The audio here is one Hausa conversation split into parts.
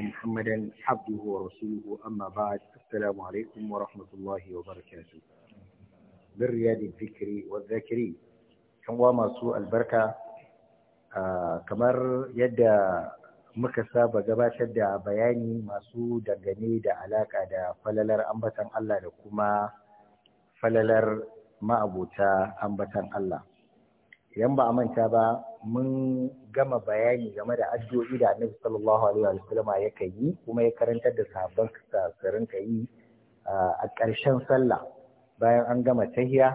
أن محمدا عبده ورسوله أما بعد السلام عليكم ورحمة الله وبركاته بالرياض الفكري والذاكري كم وما سوء البركة آه كمر يد مكسا بغبات يد بياني ما سوء دنغني دا علاقة دا فللر أنبتان الله لكما فللر ما أبوتا أنبتان الله ينبع من تابا mun gama bayani game da addu'o'i da Annabi sallallahu alaihi wa sallama yake yi kuma ya karantar da sahabban su rinka yi a ƙarshen sallah bayan an gama tahiya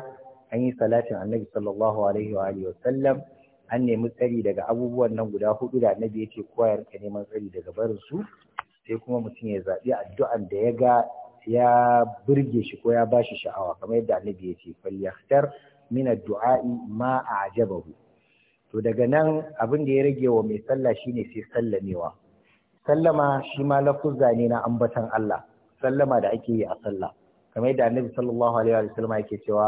an yi salatin Annabi sallallahu alaihi wa sallam an nemi tsari daga abubuwan nan guda hudu da Annabi yake koyar ka neman tsari daga barin su sai kuma mutum ya zaɓi addu'an da ya ga ya burge shi ko ya bashi sha'awa kamar yadda Annabi yake fal mina min ma a ma a'jabahu to daga nan abin da ya rage wa mai sallah shine sai sallamewa sallama shi ma lafuzza ne na ambatan Allah sallama da ake yi a sallah kamar da annabi sallallahu alaihi wa sallam yake cewa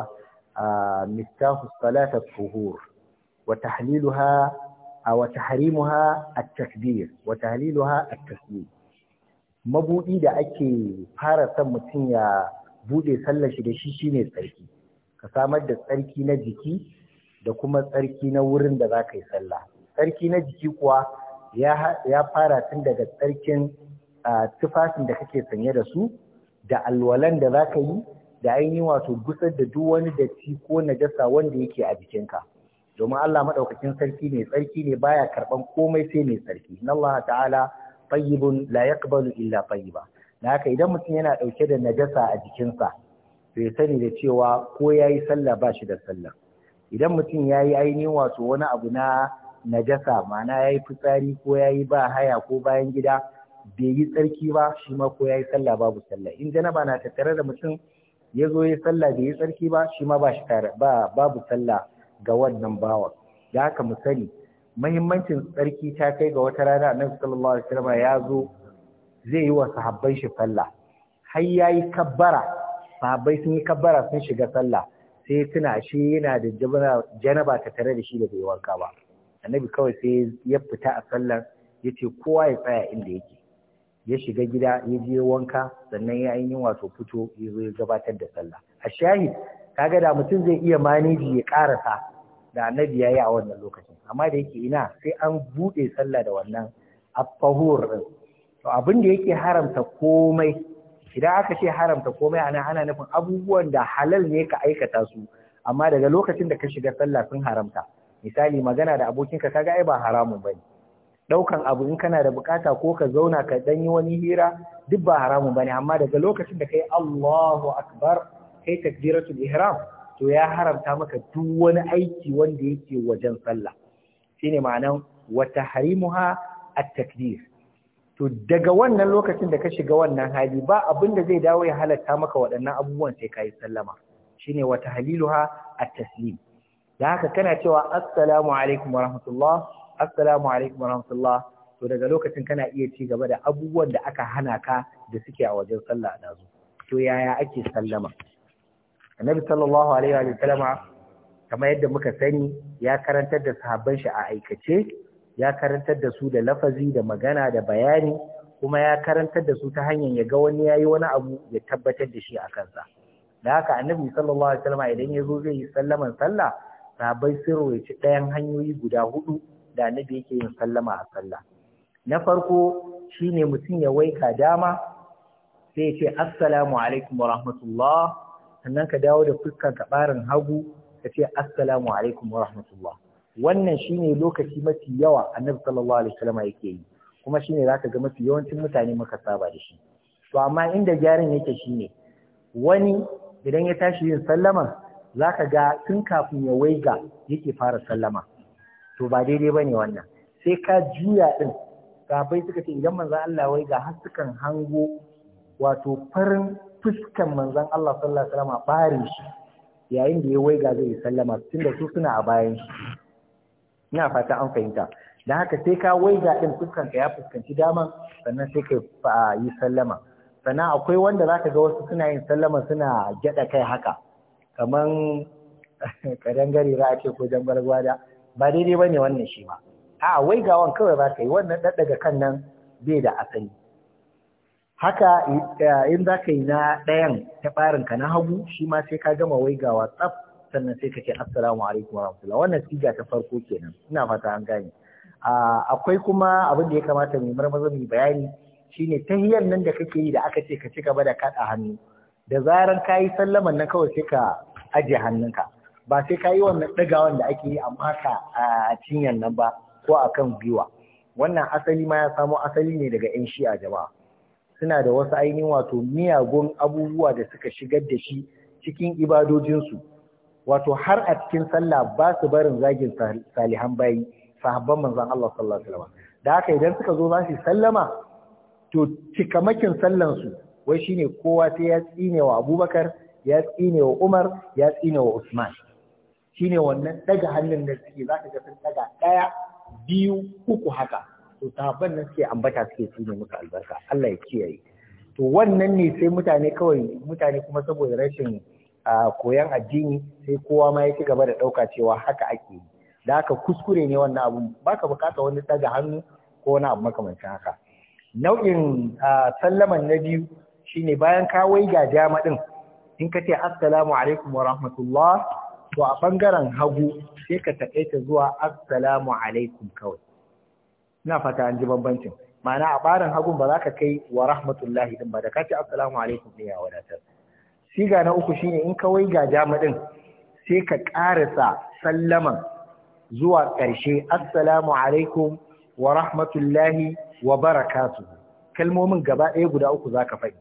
mistahu salata tuhur wa tahliluha wa tahrimuha at-takbir wa tahliluha at-taslim mabudi da ake fara son mutum ya bude sallar shi da shi shine tsarki ka samar da tsarki na jiki da kuma tsarki na wurin da za ka yi sallah tsarki na jiki kuwa ya fara tun daga tsarkin tufafin da kake sanye da su da alwalan da za ka yi da ainihin wato gusar da duk wani datti ko najasa wanda yake a jikinka domin Allah maɗaukakin sarki ne tsarki ne baya karɓan komai sai mai tsarki N'Allah Allah ta'ala tayyibun la illa fayyiba. Na haka idan mutum yana dauke da najasa a jikinsa to sani da cewa ko ya yi sallah ba shi da sallah idan mutum ya yi ainihin wato wani abu na najasa Mana ya yi fitsari ko ya yi ba haya ko bayan gida bai yi tsarki ba shi ma ko ya yi sallah babu sallah in janaba na tattare da mutum ya zo ya yi sallah bai yi tsarki ba shi ma ba babu sallah ga wannan bawa da haka mu sani mahimmancin tsarki ta kai ga wata rana nan sallallahu alaihi wasallam ya zo zai yi wa sahabban shi sallah har yayi kabbara sahabbai sun yi kabbara sun shiga sallah sai tuna shi yana da janaba ta tare da shi da bai wanka ba annabi kawai sai ya fita a sallar ya ce kowa ya tsaya inda yake ya shiga gida ya je wanka sannan ya yi wato fito ya zo ya gabatar da sallah a shahid kaga da mutum zai iya maniji ya karasa da annabi ya yi a wannan lokacin amma da yake ina sai an buɗe sallah da wannan afahur din to abin da yake haramta komai idan aka ce haramta komai ana ana nufin abubuwan da halal ne ka aikata su amma daga lokacin da ka shiga sallah sun haramta misali magana da abokinka kaga ai ba haramun bane daukan abu in kana da bukata ko ka zauna ka dan yi wani hira duk ba haramun bane amma daga lokacin da kai Allahu akbar kai takbiratul ihram to ya haramta maka duk wani aiki wanda yake wajen sallah shine ma'anan wa tahrimuha at-takbir to daga wannan lokacin da ka shiga wannan hali ba abin da zai dawo ya halatta maka waɗannan abubuwan sai ka yi sallama shine wa tahliluha at-taslim da haka kana cewa assalamu alaikum wa rahmatullah assalamu alaikum wa rahmatullah to daga lokacin kana iya ci gaba da abubuwan da aka hana ka da suke a wajen sallah da zu to yaya ake sallama annabi sallallahu alaihi wa sallama kamar yadda muka sani ya karantar da sahabban shi a aikace ya karantar da su da lafazi da magana da bayani kuma ya karantar da su ta hanyar ya ga wani ya yi wani abu ya tabbatar da shi a kansa da haka annabi sallallahu alaihi wasallam idan ya zo zai yi sallaman sallah sahabbai sun ci ɗayan hanyoyi guda hudu da annabi yake yin sallama a sallah na farko shine mutum ya waika dama sai ya ce assalamu alaikum wa rahmatullah sannan ka dawo da fuskan ka ɓarin hagu ka ce assalamu alaikum wa rahmatullah wannan shine lokaci mafi yawa annabi sallallahu alaihi wasallam yake yi kuma shine zaka ga mafi yawancin mutane muka saba da shi to amma inda gyaran yake shine wani idan ya tashi yin sallama zaka ga tun kafin ya waiga yake fara sallama to ba daidai ba ne wannan sai ka juya din kafai suka ce idan manzon Allah waiga har sukan hango wato farin fuskan manzon Allah sallallahu alaihi wasallam bare shi yayin da ya waiga zai sallama tunda su suna a bayan shi ina fata an fahimta dan haka sai ka waiga din fuskanka ya fuskanci dama sannan sai ka yi sallama sannan akwai wanda zaka ga wasu suna yin sallama suna gyaɗa kai haka kaman karangare za a ce ko jan gwargwada. ba daidai bane wannan shi ba. a waigawan kawai za ka yi wannan daddaga kan nan bai da asali haka eh, in za ka yi na ɗayan ta ɓarinka na hagu shi ma sai ka gama waigawa tsaf sannan sai ka ce assalamu alaikum warahmatullahi wannan siga ta farko kenan ina fata an gane akwai kuma abin da ya kamata mu marmaza mai bayani shine tahiyyar nan da kake yi da aka ce ka ci gaba da kada hannu da zarar ka yi sallaman na kawai sai ka aje hannunka ba sai ka yi wannan ɗagawan da ake yi amma ka a cinyar nan ba ko a kan gwiwa wannan asali ma ya samo asali ne daga 'yan shi a jama'a suna da wasu ainihin wato miyagun abubuwa da suka shigar da shi cikin ibadojinsu wato har a cikin sallah ba su barin zagin salihan bayi sahabban manzon Allah sallallahu alaihi wasallam da haka idan suka zo za su sallama to cikamakin sallan su wai shine kowa sai ya tsine wa Abubakar ya tsine wa Umar ya tsine wa Usman shine wannan daga hannun da suke zaka ga sun daga daya biyu uku haka to sahabban nan suke ambata suke tsine musu albarka Allah ya kiyaye to wannan ne sai mutane kawai mutane kuma saboda rashin a koyon addini sai kowa ma ya ci gaba da ɗauka cewa haka ake yi da haka kuskure ne wannan abun baka bukata wani daga hannu ko wani abu makamancin haka nau'in sallaman na biyu shine bayan ka ga dama din in ka ce assalamu alaikum wa rahmatullah to a bangaren hagu sai ka takaita zuwa assalamu alaikum kawai ina fata an ji bambancin ma'ana a barin hagun ba za ka kai wa rahmatullahi din ba da ka ce assalamu alaikum ne ya wadatar siga na uku shine in ka ga dama din sai ka ƙarasa sallaman zuwa ƙarshe assalamu alaikum wa rahmatullahi wa barakatuh kalmomin gaba ɗaya guda uku zaka faɗi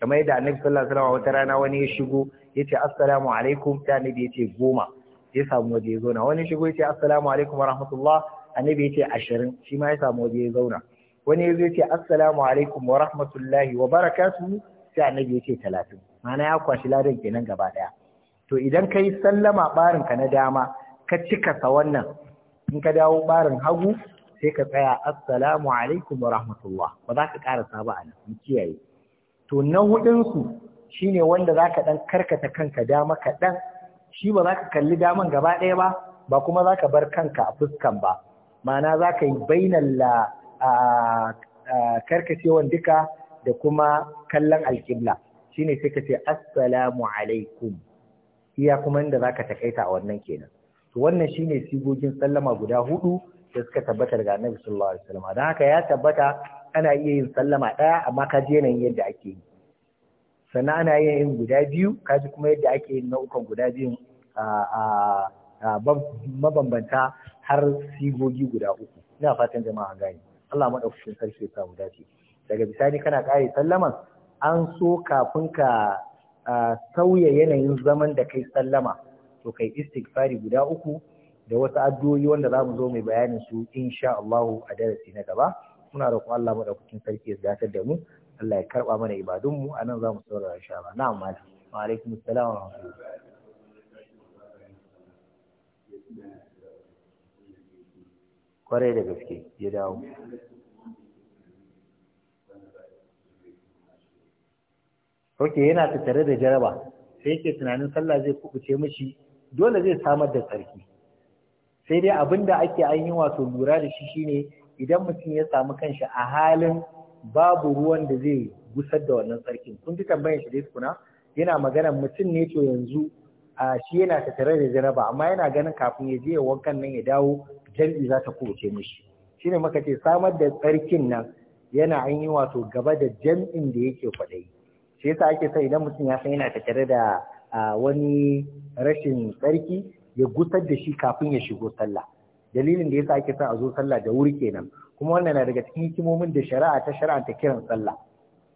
kamar yadda annabi sallallahu alaihi wasallam wata rana wani ya shigo yace assalamu alaikum ta annabi yace goma ya samu waje ya zauna wani shigo yace assalamu alaikum wa rahmatullah annabi yace ashirin shi ma ya samu waje ya zauna wani yazo yace assalamu alaikum wa rahmatullahi wa barakatuh sai annabi yace talatin mana ya kwashi ladan kenan gaba daya to idan kai sallama barin ka na dama ka cika sa wannan in ka dawo barin hagu sai ka tsaya assalamu alaikum wa rahmatullah ba za ka karasa ba anan in kiyaye to na hudun su shine wanda zaka dan karkata kanka dama kaɗan shi ba za ka kalli daman gaba ɗaya ba ba kuma za ka bar kanka a fuskan ba ma'ana za ka yi bainan la karkacewan duka da kuma kallon alƙibla Shi ne sai ka ce assalamu alaikum iya kuma inda za ka takaita a wannan kenan to wannan ne sigogin sallama guda hudu da suka tabbata daga Annabi sallallahu alaihi wasallam dan haka ya tabbata ana iya yin sallama ɗaya amma ka je nan yadda ake yi sannan ana iya yin guda biyu ka ji kuma yadda ake yin nau'ukan guda biyun mabambanta har sigogi guda uku ina fatan jama'a gani Allah madaukakin sarki ya samu dace daga bisani kana kare sallaman an so kafin ka sauya yanayin zaman da kai sallama to kai istighfari guda uku da wasu addu'o'i wanda za mu zo mai bayanin su insha Allah a darasi na gaba muna roƙon Allah madaukakin sarki ya zakatar da mu Allah ya karba mana ibadun mu anan za mu saurara insha Allah na'am malam wa alaikum assalam wa rahmatullahi kwarai da gaske ya dawo ok yana tattare da jaraba sai yake tunanin sallah zai kubuce mishi dole zai samar da tsarki sai dai abin da ake an yi wato lura da shi shine idan mutum ya samu kanshi a halin babu ruwan da zai gusar da wannan tsarkin kun ji tambayar shi dai tukuna yana magana mutum ne to yanzu a shi yana tattare da jaraba amma yana ganin kafin ya je ya wankan nan ya dawo jam'i za ta kubuce mishi shine muka ce samar da tsarkin nan yana an yi wato gaba da jam'in da yake kwaɗayi shi yasa ake sa idan mutum ya san yana tattare da wani rashin tsarki ya gusar da shi kafin ya shigo sallah dalilin da yasa ake son a zo sallah da wuri kenan kuma wannan na daga cikin hikimomin da shari'a ta shari'a ta kiran sallah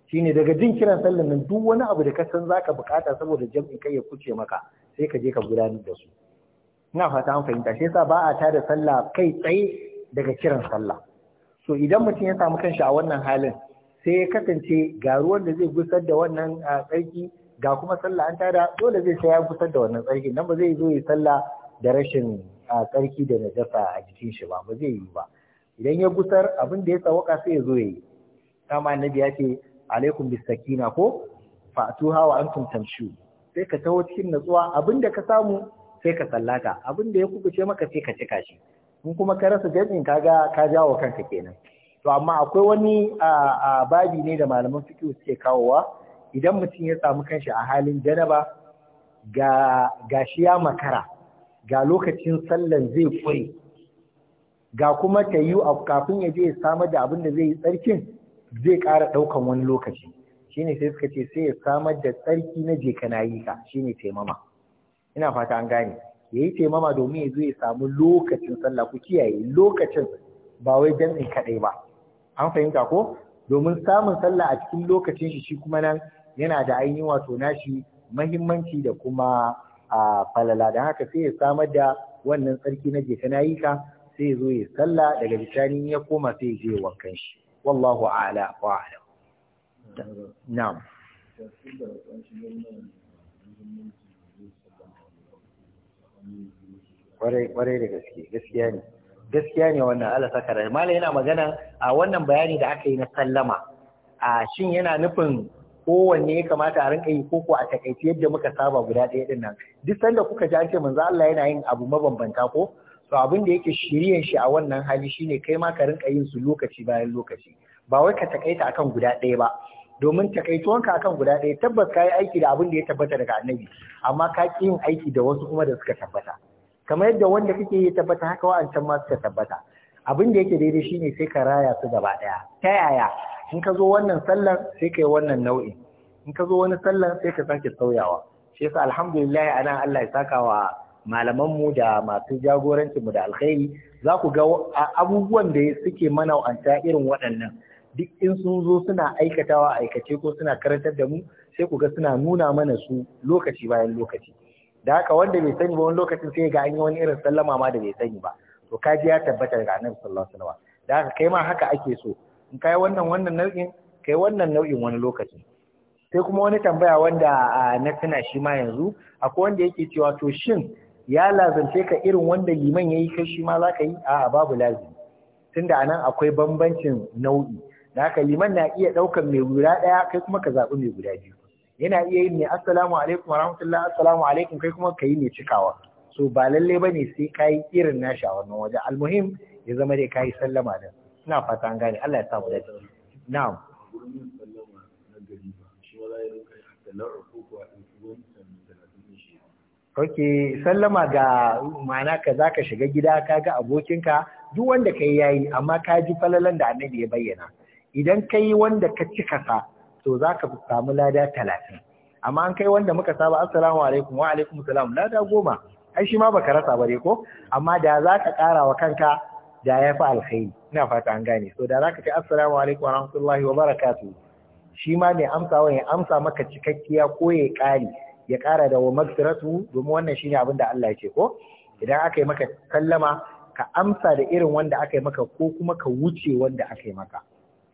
shine daga jin kiran sallah nan duk wani abu da ka san zaka bukata saboda jam'i kai ya kuce maka sai ka je ka gudanar da su ina fata an fahimta shi yasa ba a da sallah kai tsaye daga kiran sallah so idan mutum ya samu kanshi a wannan halin sai ya kasance ga ruwan da zai gusar da wannan tsarki ga kuma sallah an tada dole zai sai ya gusar da wannan tsarki nan ba zai zo yi sallah da rashin tsarki da na najasa a jikin shi ba ba zai yi ba idan ya gusar abin da ya tsawaka sai ya zo ya yi kama annabi ya ce alaikum bisakina ko fa'tuha wa antum tamshu sai ka taho cikin natsuwa abin da ka samu sai ka sallata abin da ya kubuce maka sai ka cika shi in kuma ka rasa jami'in kaga ka jawo kanka kenan to amma akwai wani a babi ne da malaman fiqh suke kawowa idan mutum ya samu kanshi a halin janaba ga gashi ya makara ga lokacin sallan zai kure ga kuma ta yi kafin ya je ya samar da abin da zai yi tsarkin zai ƙara ɗaukan wani lokaci shine sai suka ce sai ya samar da tsarki na je kana yi ka shine taimama ina fata an gane ya yi taimama domin ya zo ya samu lokacin sallah ku kiyaye lokacin ba wai dan kaɗai ba an fahimta ko domin samun sallah a cikin lokacin shi kuma nan yana da ainihin wato nashi mahimmanci da kuma a falala don haka sai ya samar da wannan tsarki na jeka na yi ka sai ya zo ya sallah daga bisani ya koma sai ya je wankan shi wallahu a'la wa a'lam na'am kwarai da gaske gaskiya ne gaskiya ne wannan Allah saka rai. mala yana magana a wannan bayani da aka yi na sallama a shin yana nufin kowanne ya kamata a rinka yi ko ko a takaice yadda muka saba guda ɗaya din nan duk sanda kuka ji an ce manzo Allah yana yin abu mabambanta ko to abin da yake shiriyan shi a wannan hali shine kai ma ka rinka yin su lokaci bayan lokaci ba wai ka takaita akan guda ɗaya ba domin takaituwanka akan guda ɗaya tabbas ka yi aiki da abin da ya tabbata daga annabi amma ka ƙi yin aiki da wasu kuma da suka tabbata kamar yadda wanda kake yi tabbata haka wa'ancan masu suka tabbata abin da yake daidai shine sai ka raya su gaba daya ta yaya in ka zo wannan sallan sai ka yi wannan nau'in in ka zo wani sallar sai ka sake sauyawa shi yasa alhamdulillah ana Allah ya saka wa malaman mu da masu jagorancin mu da alkhairi za ku ga abubuwan da suke mana wa'anta irin waɗannan duk in sun zo suna aikatawa aikace ko suna karantar da mu sai ku ga suna nuna mana su lokaci bayan lokaci da haka wanda bai sani ba wani lokacin sai ga an yi wani irin sallama ma da bai sani ba to ka ji ya tabbata daga annabi sallallahu alaihi wasallam da haka kai ma haka ake so in kai wannan wannan nau'in kai wannan nau'in wani lokacin? sai kuma wani tambaya wanda na tuna shi ma yanzu akwai wanda yake cewa to shin ya lazance ka irin wanda liman yayi kai shi ma zaka yi a'a babu lazimi tunda anan akwai bambancin nau'i da haka liman na iya ɗaukan mai guda ɗaya kai kuma ka zabi mai guda biyu yana iya yin ne assalamu alaikum warahmatullahi assalamu alaikum kai kuma kai ne cikawa so ba lalle bane sai kai irin nashi a wannan waje almuhim ya zama dai kai sallama din ina fata an gane Allah ya sa mu dace na'am Ok, sallama ga ma'ana ka za ka shiga gida ka ga abokinka duk wanda ka yi yayi amma ka ji falalan da annabi ya bayyana. Idan ka yi wanda ka cika sa to za ka samu lada talatin amma an kai wanda muka saba assalamu alaikum wa alaikum salam lada goma ai shi ma baka rasa bare ko amma da za ka kara wa kanka da ya fi alkhairi ina fata an gane so da za ka ce assalamu alaikum wa rahmatullahi wa barakatu shi ma mai amsawa ya amsa maka cikakkiya ko ya ƙari ya ƙara da wa magfiratu domin wannan ne abin da Allah ya ce ko idan aka yi maka sallama ka amsa da irin wanda aka yi maka ko kuma ka wuce wanda aka yi maka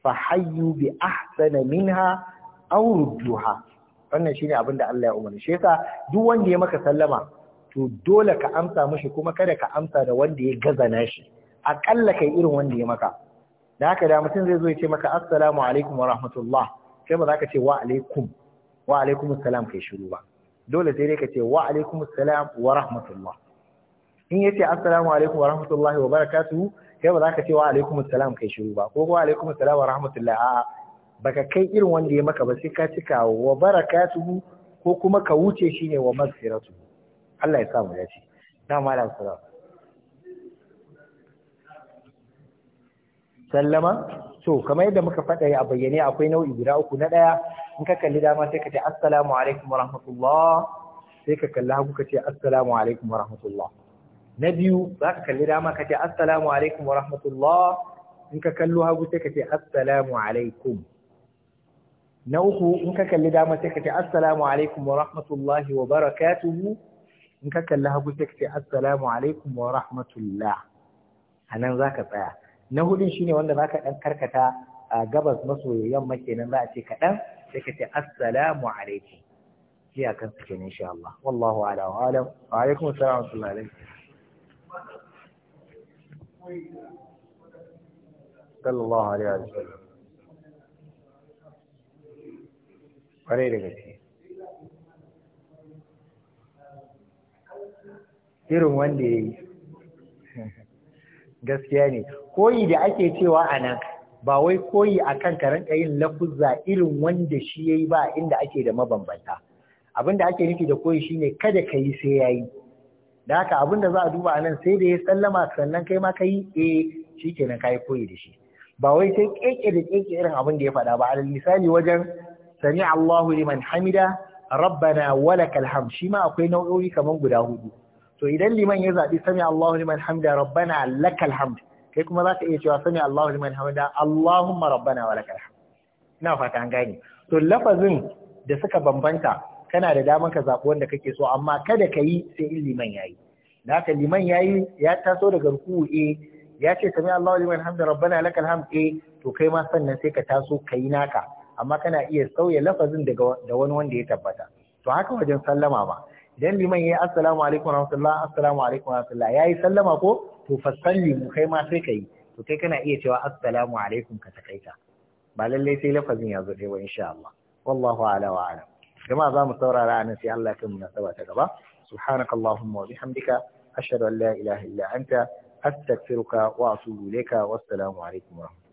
fahayyu bi ahsana minha aw rudduha wannan shine abin da Allah ya umarni shi yasa duk wanda ya maka sallama to dole ka amsa mishi kuma kada ka amsa da wanda ya gaza nashi akalla kai irin wanda ya maka da haka da mutum zai zo ya ce maka assalamu alaikum wa rahmatullah sai ba za ka ce wa alaikum wa alaikum assalam kai shiru ba dole sai dai ka ce wa alaikum assalam wa rahmatullah in yace assalamu alaikum wa rahmatullahi wa barakatuhu kai ba za ka ce wa alaikum assalam kai shiru ba ko wa alaikum assalam wa rahmatullah a'a baka kai irin wanda ya maka ba sai ka cika wa barakatuhu ko kuma ka wuce shi ne wa masfiratu Allah ya sa mu dace na malam salam sallama to kamar yadda muka faɗa a bayyane akwai nau'i guda uku na ɗaya in ka kalli dama sai ka ce assalamu alaikum wa rahmatullah sai ka kalli hagu ka ce assalamu alaikum wa rahmatullah na biyu za ka kalli dama ka ce assalamu alaikum wa rahmatullah in ka kallo hagu sai ka ce assalamu alaikum na uku in ka kalli dama sai ka ce assalamu alaikum wa rahmatullahi wa barakatuhu in ka kalli hagu sai ka ce assalamu alaikum wa rahmatullah a nan za ka tsaya na hudun shine wanda za ka ɗan karkata a gabas maso yamma kenan za a ce kaɗan sai ka ce assalamu alaikum iyakan su kenan insha Allah wallahu ala wa alam wa alaikum assalam wa rahmatullahi صلى الله عليه وسلم da gaske irin wanda ya yi gaskiya ne koyi da ake cewa a nan ba wai koyi a kan karanka yin lafuzza irin wanda shi ya yi ba inda ake da mabambanta abinda ake nufi da koyi shine kada ka yi sai ya yi da haka abin da za a duba anan sai da ya sallama sannan kai ma ka yi eh shi kenan ka yi koyi da shi ba wai sai keke da keke irin abin da ya faɗa ba alal misali wajen sami Allahu liman hamida rabbana walakal shi ma akwai nau'o'i kaman guda hudu to idan liman ya zaɓi sami Allahu liman hamida rabbana lakal hamd kai kuma za ka iya cewa sami Allahu liman hamida Allahumma rabbana walakal hamd ina fata an gane to lafazin da suka bambanta kana da damar ka zaɓi wanda kake so amma kada ka yi sai in liman ya yi. da haka liman ya yi ya taso daga ruku'u eh ya ce sami Allahu liman hamda rabbana laka hamd eh to kai ma sannan sai ka taso ka yi naka amma kana iya sauya lafazin daga da wani wanda ya tabbata to haka wajen sallama ma idan liman ya yi assalamu alaikum warahmatullahi assalamu alaikum warahmatullahi yi sallama ko to fasalli mu kai ma sai ka yi. to kai kana iya cewa assalamu alaikum ka takaita ba lallai sai lafazin ya zo dai ba insha Allah wallahu ala wa alam jama'a za mu saurara anan sai Allah ya kai mu ta gaba subhanakallahumma wa bihamdika hamdika an la ilaha illa anta astaghfiruka wa atubu ilayka wassalamu alaikum wa